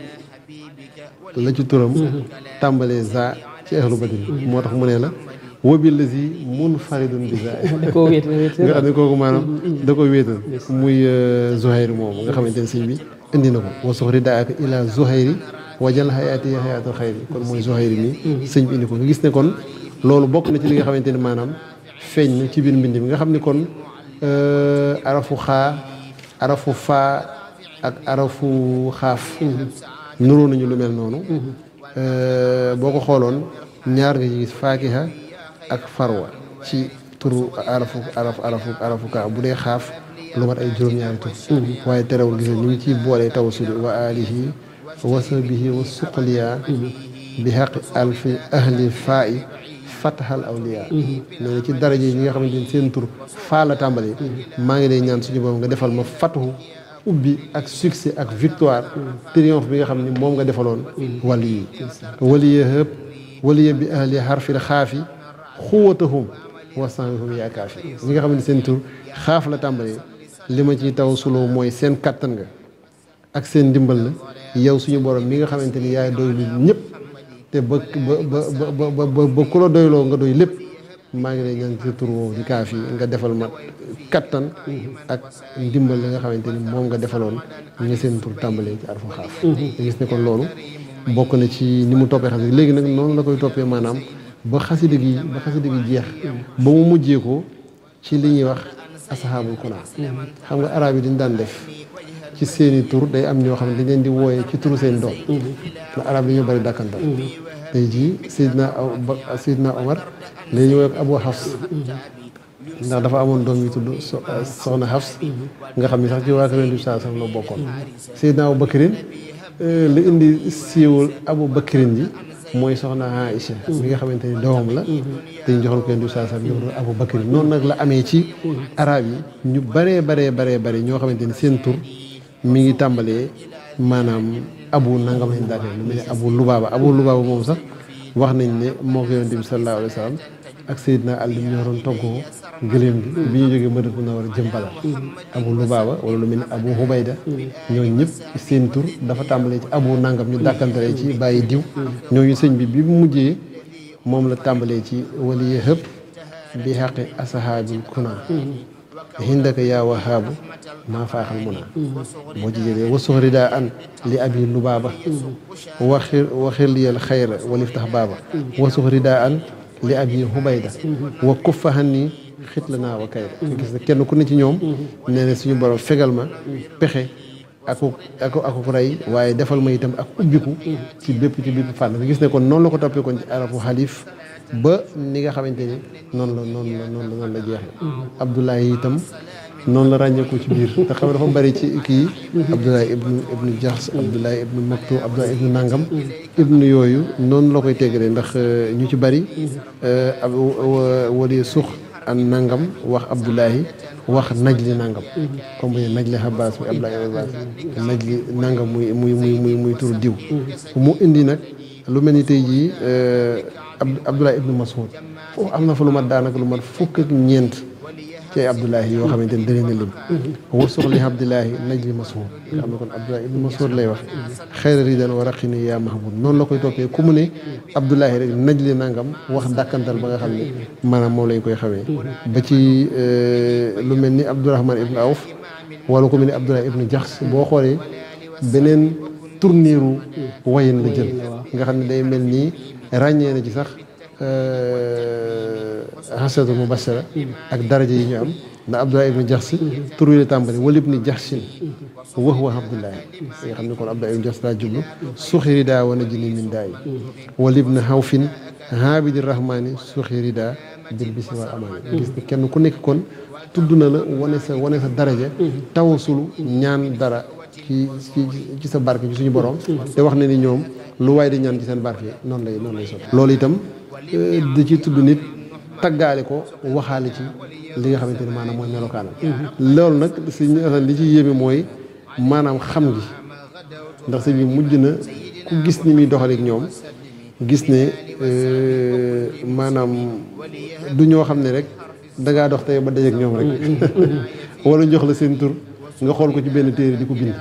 la ci turam tàmbalee za ci ahlu badri moo tax mu ne la wobi la si mun faridun bi za nga xam ne kooku maanaam da ko wéetal muy zuhayri moomu nga xamante ne sëñ bi indi na ko wa soxri daaka ila zuhayri wajal xayaati xayaatul xayri kon mooy zuhayri nii sëñ bi indi ko nga gis ne kon loolu bokk na ci li nga xamante ni maanaam feeñ na ci biir mbind mi nga xam ni kon arafu xaa arafu faa ak arafu xaaf nuroo nañu lu mel noonu boo ko xooloon ñaar nga gis faakiha ak farwa ci turu arafu arafu arafu arafu kaa bu dee xaaf lu mat ay juróom-ñaari tur waaye terewul gis ni ci boole boolee wa alihi wa sahbihi wa suqliya bi xaq alfi ahli faa fataxal awliya nee na ci daraje yi nga xamante ni seen tur faa la tàmbali maa ngi lay ñaan suñu borom nga defal ma fatuhu ubbi ak succès ak victoire triomphe bi nga xam ne moom nga defaloon wali yi waliya hëpp waliya bi ahli harfil xaafi xuwatahum wasanhum yaakaafi ñi nga xam ne seen tur xaaf la tàmbalee li ma ciy taw suloo mooy seen kattan nga ak seen ndimbal la yow suñu borom mi nga xamante ni yaay doy lu te ba ba ba ba ba ku la doyloo nga doy lépp maa ngi lay ñaan ci tur woowu di kaaf yi nga defal ma kattan ak ndimbal li nga xamante ni moom nga defaloon ñu seen tur tàmbalee ci arfu xaaf nga mhm. gis ne kon loolu bokk na ci ni mu toppee xasida léegi nag noonu la koy toppee maanaam ba xasida gi ba gi jeex ba mu mujjee ko ci li ñuy wax asahaabul kunaa xam nga arab yi dañ daan def ci seeni tur day am ñoo xam ne dañ leen di wooyee ci turu seen doom ndax mm-hmm. arab dañoo bëri mm-hmm. tey jii Seydina Seydina Omar léegi ñu wooye ko Abu Hafs mm-hmm. ndax dafa amoon doom yu tudd eh, soxna Hafs nga xam ne sax ci waa Yonent bi saa la bokkoon Seydina Abu Bakrin eh, li indi siiwul Abu Bakrin yi mooy soxna Aïcha mi nga xamante ni doomam la dañ joxoon ko Yonent bi saa sax ñu Abu Bakrin noonu nag la amee ci araab yi ñu baree baree baree bare ñoo xamante ni seen tur mi ngi tàmbalee maanaam abu nangam lañ daatee lu mel ne abu lubaaba abu lubaaba moom sax wax nañ ne moo ko yonent bi sallallahu alayhi wa sallam ak Seydina Ali ñoo doon toggoo gëléem bi ñu jógee Madinatu a jëm Badar abu lubaaba wala lu mel ne abu hubayda ñooñu ñëpp seen tur dafa tàmbalee ci abu nangam ñu dàkkantalee ci bàyyi diw ñooñu sëñ bi bi mu mujjee moom la tàmbalee ci waliye hëpp bi xaqi asahaabil kuna hindaka ya wahabu ma faaxal mu naa boo ci jëlee wasux ridaa an li abi lubaaba waxir waxirliyal xayra waliftax baaba wasux ridaa an li abi hubayda wa kuffahan ni xitla naa wa kayda gis na kenn ku ne ci ñoom nee na suñu borom fegal ma pexe aku aku aku rey waaye defal ma itam ak ubbiku ci bépp ci bépp fànn gis ne kon noonu la ko toppee kon ci arafu xalif ba ni nga xamante ni noonu la noonu la noonu la jeexe Abdoulaye itam noonu la ràññeeku ci biir te xam nga dafa bari ci kii Abdoulaye ibnu ibnu Jahsh Abdoulaye ibnu Maktu Abdoulaye ibnu Nangam ibnu yooyu noonu la koy teggalee ndax euh, ñu ci bari euh, walee suux an nangam wax Abdoulaye wax najli nangam comme bu ne najli Abbas muy Abdoulaye Abbas najli nangam muy muy muy muy muy tur diw mu indi nag lu mel ni tey jii euh, Abdoulaye ibnu Mas'ud foofu am na fa lu mat daanaka lu mat fukk ak ñeent ci Abdoulaye yoo xamante ni danañ lim wasux li Abdoulaye naj li Mas'ud nga xam ne kon Abdoulaye ibnu Mas'ud lay wax xayra ridan wa raqini yaa mahmoud noonu la koy toppee ku mu ne Abdoulaye rek naj li nangam wax dàkkantal ba nga xam ne maanaam moom lañ koy xamee ba ci lu mel ni Abdourahman ibnu Awf wala ku mel ni Abdoulaye ibnu Jaxs boo xoolee beneen tourniru wayen la jël nga xam ne day mel nii ràññee na ci sax xasatu mubassara ak daraja yi ñu am ndax Abdoulaye ibnu Jaxsi tur yi la tàmbali walib ni Jaxsin wax wax Abdoulaye nga xam ne kon Abdoulaye ibnu Jaxsi daa jublu suxiri daa wana jini min daa yi walib na xawfin haabidi rahmaani suxiri daa bil bisi wal amaani gis ni kenn ku nekk kon tudd na la wane sa wane sa daraja tawasulu ñaan dara ci ci ci sa barke ci suñu borom te wax na ni ñoom lu waay di ñaan ci seen barke noonu lay noonu lay sotti loolu itam euh, di ci tudd nit taggaale ko waxaale ci li nga xamante ne maanaam mooy melokaanam mm-hmm. loolu nag si Asan li ci yéeme mooy maanaam xam gi ndax sëñ mujj na ku gis ni muy doxaleek ñoom gis ne euh, maanaam du ñoo xam ne rek dangaa dox tey ba dajeek ñoom rek mm-hmm. wala jox la seen tur nga xool ko ci benn téere di ko bind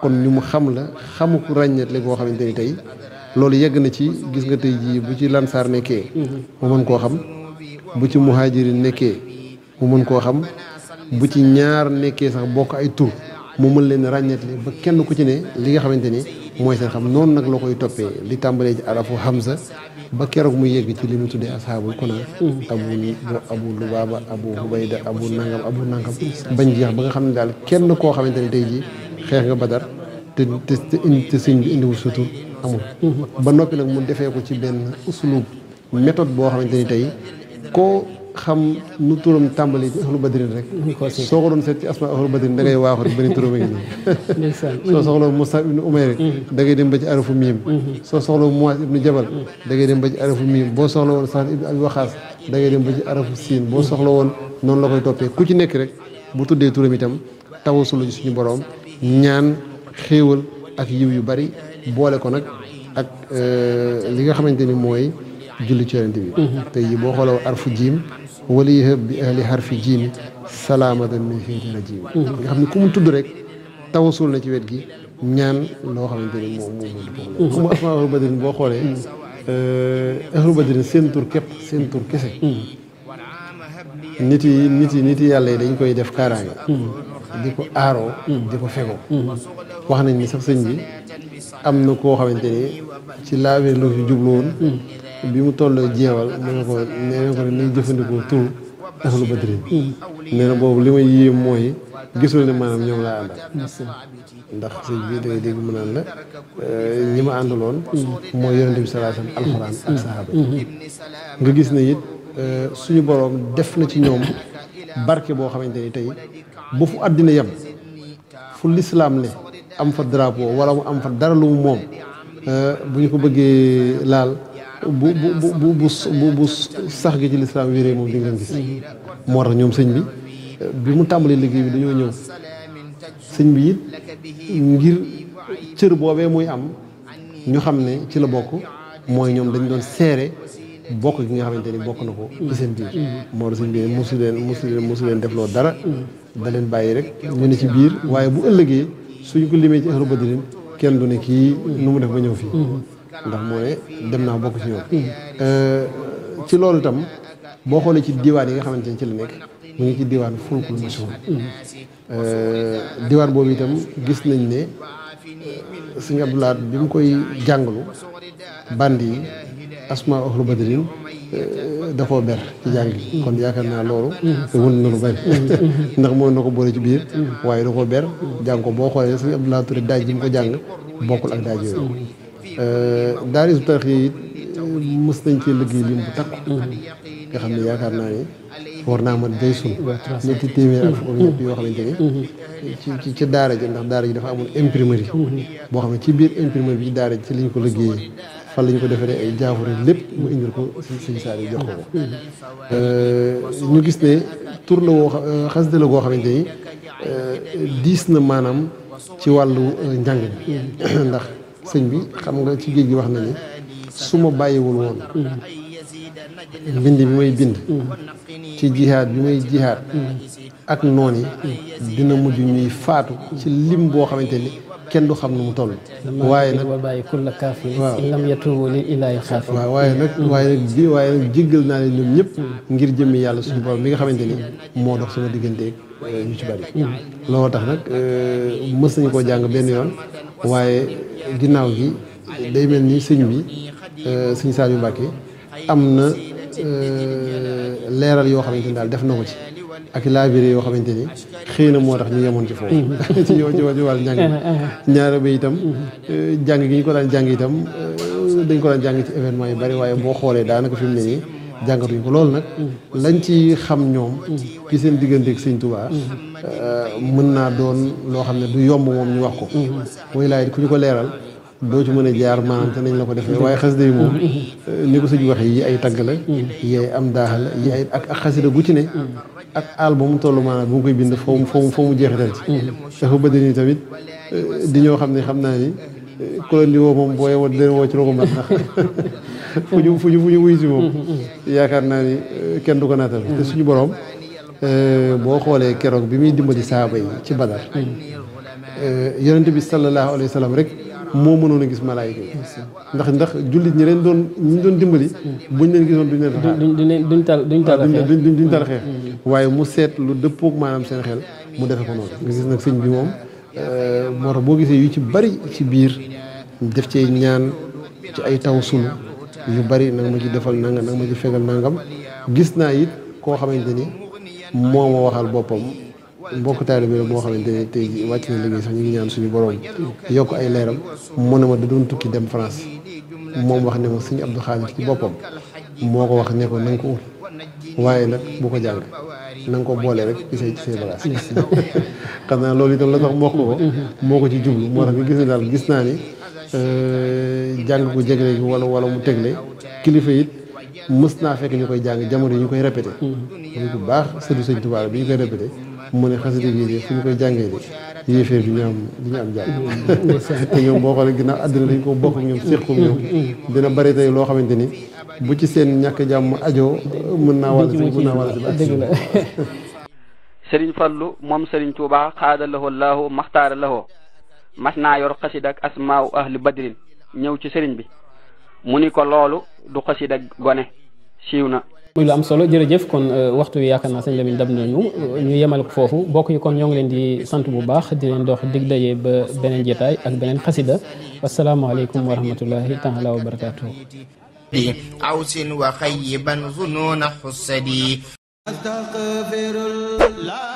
kon ñu mu xam la xamu ràññeet la boo xamante ni tey loolu yegg na ci gis nga tey jii bu ci lansaar nekkee mu mën koo xam bu ci muhaajirin nekkee mu mën koo xam bu ci ñaar nekkee sax bokk ay tur mu mën leen ràññetle ba kenn ku ci ne li nga xamante ni mooy seen xam noonu nag loo koy toppee li tàmbalee ci xam Hamza ba keroog mu yegg ci li mu tuddee asxaabul kuna abu abu lubaaba abu hubayda abu nangam abu nangam bañ jeex ba nga xam ne daal kenn koo xamante ni tey jii xeex nga badar te te te bi indiwul sa amul ba noppi nak mu defé ko ci ben uslub méthode bo xamanteni tay ko xam nu turum tambali ci badrin rek soo ko doon ci asma ahlu badrin da ngay waaxu rek bëri turam a ngi nii [laughs] soo soxla Umayr mm-hmm. da ngay dem ba ci arafu mim mm-hmm. so soxlo Muwaas ibn Jabal da ngay dem ba ci arafu mim bo soxlo won sa ibn Abi Waqaas da ngay dem ba ci arafu sin bo soxlo won non la koy topé ku ci nek rek bu tuddé turum itam tawassul ci suñu borom ñaan xewul ak yiw yu bari boole ko nag ak euh, li nga xamante ni mooy julli ci bi tey jii boo xooloo arfu jiim wala yëhëb bi ahli harfi jiim salaamatan min fiitina jiim nga xam ne ku mu tudd rek tawasul na ci wet gi ñaan loo xamante ni moom moom ku mu asmaul badrin boo xoolee euh, ahlu badrin seen tur képp seen tour kese nit yi nit yi nit yi yàlla yi dañ koy def kaaraange mm-hmm. di ko aaroo mm-hmm. di ko fegoo wax nañ ni sax sëñ bi am na koo xamante ni ci laabir la ci jublu bi mu tolloo jeewal nee na ko nee na nañ jëfandikoo tur ahlu badrin mm. nee na boobu li may yéem mooy gisoo ne maanaam ñoom laa àndal ndax sëñ bi da ngay dégg mu la eh, ñi ma àndaloon mooy yonente bi salaa alxuraan mm-hmm. nga gis ne it eh, suñu boroom def na ci ñoom barke boo xamante ni tey bu fu àddina yem fu lislaam ne am fa drapeau wala mu am fa dara lu mu moom eh, bu ñu ko bëggee laal bu bu bu bu sax gi ci lislaam wéree moom di nga gis moo tax ñoom sëñ bi eh, bi mu tàmbalee liggéey bi dañoo ñëw sëñ bi it ngir cër boobee muy am ñu xam ne ci la bokk mooy ñoom dañ doon seere bokk gi nga xamante ni bokk na ko ci seen biir moo tax sëñ bi mosu leen mosu leen mosu leen def dara mm-hmm. da leen bàyyi rek ñu ne ci biir waaye bu ëllëgee suñ ko limee ci ahlu badrin kenn du ne kii nu mu def ba ñëw fii mm-hmm. ndax moo ne dem naa bokk ci ñoom mm-hmm. euh, ci loolu itam boo xoolee ci diwaan yi nga xamante ne ci la nekk mu ngi ci diwaan fulkul masuur mm-hmm. euh, diwaan boobu itam gis nañ ne sëñ Abdou bi mu koy jàngalu bandi yi asmaa ahlu badrin Euh, dafoo ber ci jàng gi kon yaakaar naa loolu wun na lu bari [laughs] ndax moo na ko boole ci biir waaye dafoo ber jàng ko boo xoolee sëñ Abdoulaye Touré daaj ji mu ko jàng bokkul ak daaj yooyu euh, daara Hizbut Tarqiyyah it euh, mës nañ ci liggéey lim bu takku nga xam ne yaakaar naa ni war naa mën day sun ñetti téeméer ak fukk ñett ci ci ci daara ji ndax daara ji dafa amoon imprimerie boo xam ne ci biir imprimerie bi ci daara ji ci liñ ko liggéeyee fan lañu ko defaree ay jaafure lépp mu indil ko suñ saar yi jox ko ko euh, ñu gis ne tur la woo euh, la goo xamante ni euh, diis na maanaam ci wàllu njàng bi [coughs] ndax sëñ bi xam nga ci géej gi wax na ni su ma bàyyiwul woon mbind bi may bind ci jihaad bi may jihaad ak noon yi dina mujj ñuy faatu ci lim boo xamante ni kenn du xam nu mu toll waaye nag lam yatuubu lil ilaahi xaafi waaw waaye nag mm. waaye nag waaye nag naa leen ñoom ñëpp ngir jëmmi yàlla suñu borom mi nga xamante ni moo dox sama digganteeg euh, ñu ci bari mm. looloo tax nag euh, mës nañu koo jàng benn yoon waaye ginnaaw gi day mel ni sëñ bi euh, sëñ Saliou Mbacke am na leeral yoo xamante ni daal def na ko ci ak laabiré yoo xamante ni xëy na moo tax ñu yemoon ci foofu [laughs] ci yoo ci wàllu njàng uh-huh, uh-huh. ñaare ba itam uh-huh. uh, jàng gi ñu ko daan jàng itam uh, dañ ko daan jàng ci événement yi bari waaye boo xoolee daanaka fi mu ne nii jàngatuñ ko loolu nag lañ ci xam ñoom ci seen digganteeg sëñ Tuubaa uh, mën naa doon loo xam ne du yomb moom ñu wax ko mooy laay ku ñu ko leeral doo ci mën jaar maanaam nañ la ko defee waaye xasida yi ni ko sëñ waxee yi ay tagg la yi ay am daax yi ay ak xasida gu ci ne ak àll ba mu toll bu mu koy bind fo fo fo mu jeexital ci. dafa bëgg nii tamit di ñoo xam xamna ni ko leen di wo mom boo wa dina wo ci roko mat mën ndax fu ñu fu ñu fu ñu wuyu si moom. yaakaar naa ni kenn du ko naatal. te suñu borom euh bo xolé kérok bi mi dimbali sahaba yi ci Badar. euh yaronte bi sallallahu alayhi wasallam rek. moo mënoon a gis malaayika yi ndax ndax jullit ñi leen doon ñi doon dimbali buñ leen gisoon duñ leen duñ tal duñ tal ah, duñ tal xeex mm-hmm. waaye mu seet lu dëppoog maanaam seen xel mu defe ko noonu nga gis nag sëñ bi moom euh, moo tax boo gisee yu ci bari ci biir def ci ñaan ci ay taw sunu yu bari nanga ma ci defal nangam nanga ma ci fegal nangam gis naa it koo xamante ni moo waxal boppam mbokk taalibe la boo xamante ne tey jii wàcc na liggéey sax ñu ngi ñaan suñu borom yokk ay leeram mu ne ma da doon tukki dem France moom wax ne ma suñu Abdou Khadir ci boppam moo ko wax ne ko ko ut waaye nag bu ko jàng na ko boole rek ci say ci say bagaas [laughs] xam naa loolu itam la tax mokk ko moo ko ci jublu moo tax bi gis ne daal gis naa ni euh, jàng ko jegle gi wala wala mu tegle kilifa it mës naa fekk ñu koy jàng jamono yi ñu koy répété. ñu mm-hmm. ko baax sëdu sëñ Tuubaa bi ñu mu ne xasida bii de fu ñu koy jàngee de yéefee du ñu am du ñu am jàng te ñoom boo xoolee ginnaaw àddina dañ loo xamante ni bu ci seen ñàkk jàmm ajoo mën naa wàll si mën naa wàll si baax sëriñ fallu moom sëriñ tuuba xaada lahoo laahu maxtaara lahoo mas naa yor xasida ak asmaaw ahli badrin ñëw ci sëriñ bi mu ni ko loolu du xasida gone siiw na muy lu am solo jërëjëf kon euh, waxtu wi yaakaar naa sëñ Lamine dab nañu euh, ñu yemal ko foofu bokk yi kon ñoo ngi leen di sant bu baax di leen dox dig daje ba beneen jotaay ak beneen xasida wasalaamaaleykum wa rahmatullahi taala wa barakaatu أوس وخيبا ظنون حسدي أستغفر الله